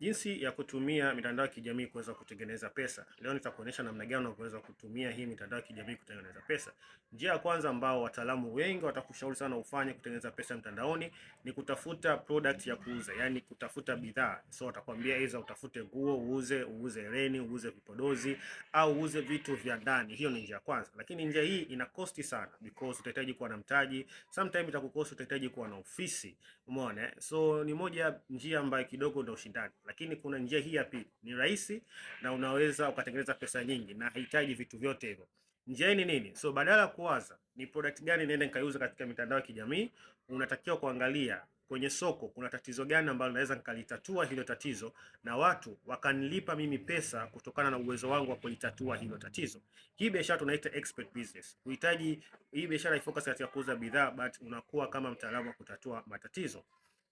Jinsi ya kutumia mitandao ya kijamii kuweza kutengeneza pesa. Leo nitakuonyesha namna gani unaweza kutumia hii mitandao ya kijamii kutengeneza pesa. Njia ya kwanza ambao wataalamu wengi watakushauri sana ufanye kutengeneza pesa mtandaoni ni kutafuta product ya kuuza, yani kutafuta bidhaa. So watakwambia iza utafute nguo uuze, uuze hereni, uuze vipodozi au uuze vitu vya ndani. Hiyo ni njia ya kwanza. Lakini njia hii ina costi sana because utahitaji kuwa na mtaji, sometimes itakukosa utahitaji kuwa na ofisi. Umeona? Eh? So ni moja njia ambayo kidogo ndio ushindani lakini kuna njia hii ya pili, ni rahisi na unaweza ukatengeneza pesa nyingi na haihitaji vitu vyote hivyo. Njia hii ni nini? So badala ya kuwaza ni product gani niende nikaiuza katika mitandao ya kijamii, unatakiwa kuangalia kwenye soko kuna tatizo gani ambalo naweza nikalitatua hilo tatizo na watu wakanilipa mimi pesa kutokana na uwezo wangu wa kulitatua hilo tatizo. Hii biashara tunaita expert business. Huhitaji hii biashara ifocus katika kuuza bidhaa, but unakuwa kama mtaalamu wa kutatua matatizo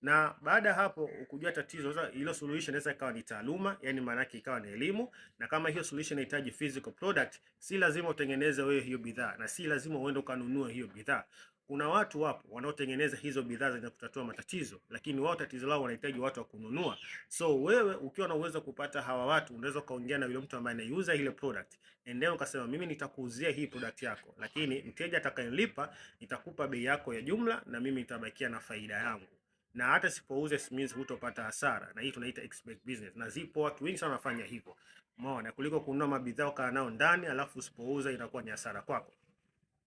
na baada ya hapo ukujua tatizo sasa, ile solution inaweza ikawa ni taaluma, yani maana yake ikawa ni elimu. Na kama hiyo solution inahitaji physical product, si lazima utengeneze wewe hiyo bidhaa na si lazima uende ukanunue hiyo bidhaa. Kuna watu wapo wanaotengeneza hizo bidhaa zenye kutatua matatizo, lakini wao tatizo lao wanahitaji watu wa kununua. So wewe ukiwa na uwezo kupata hawa watu, unaweza ukaongea na yule mtu ambaye anayeuza ile product, endeo ukasema, mimi nitakuuzia hii product yako, lakini mteja atakayelipa nitakupa bei yako ya jumla na mimi nitabakia na faida yangu na hata sipouze means hutopata hasara, na hii tunaita expect business, na zipo watu wengi sana wanafanya hivyo, umeona, kuliko kununua mabidhaa ukaa nao ndani alafu usipouza inakuwa ni hasara kwako.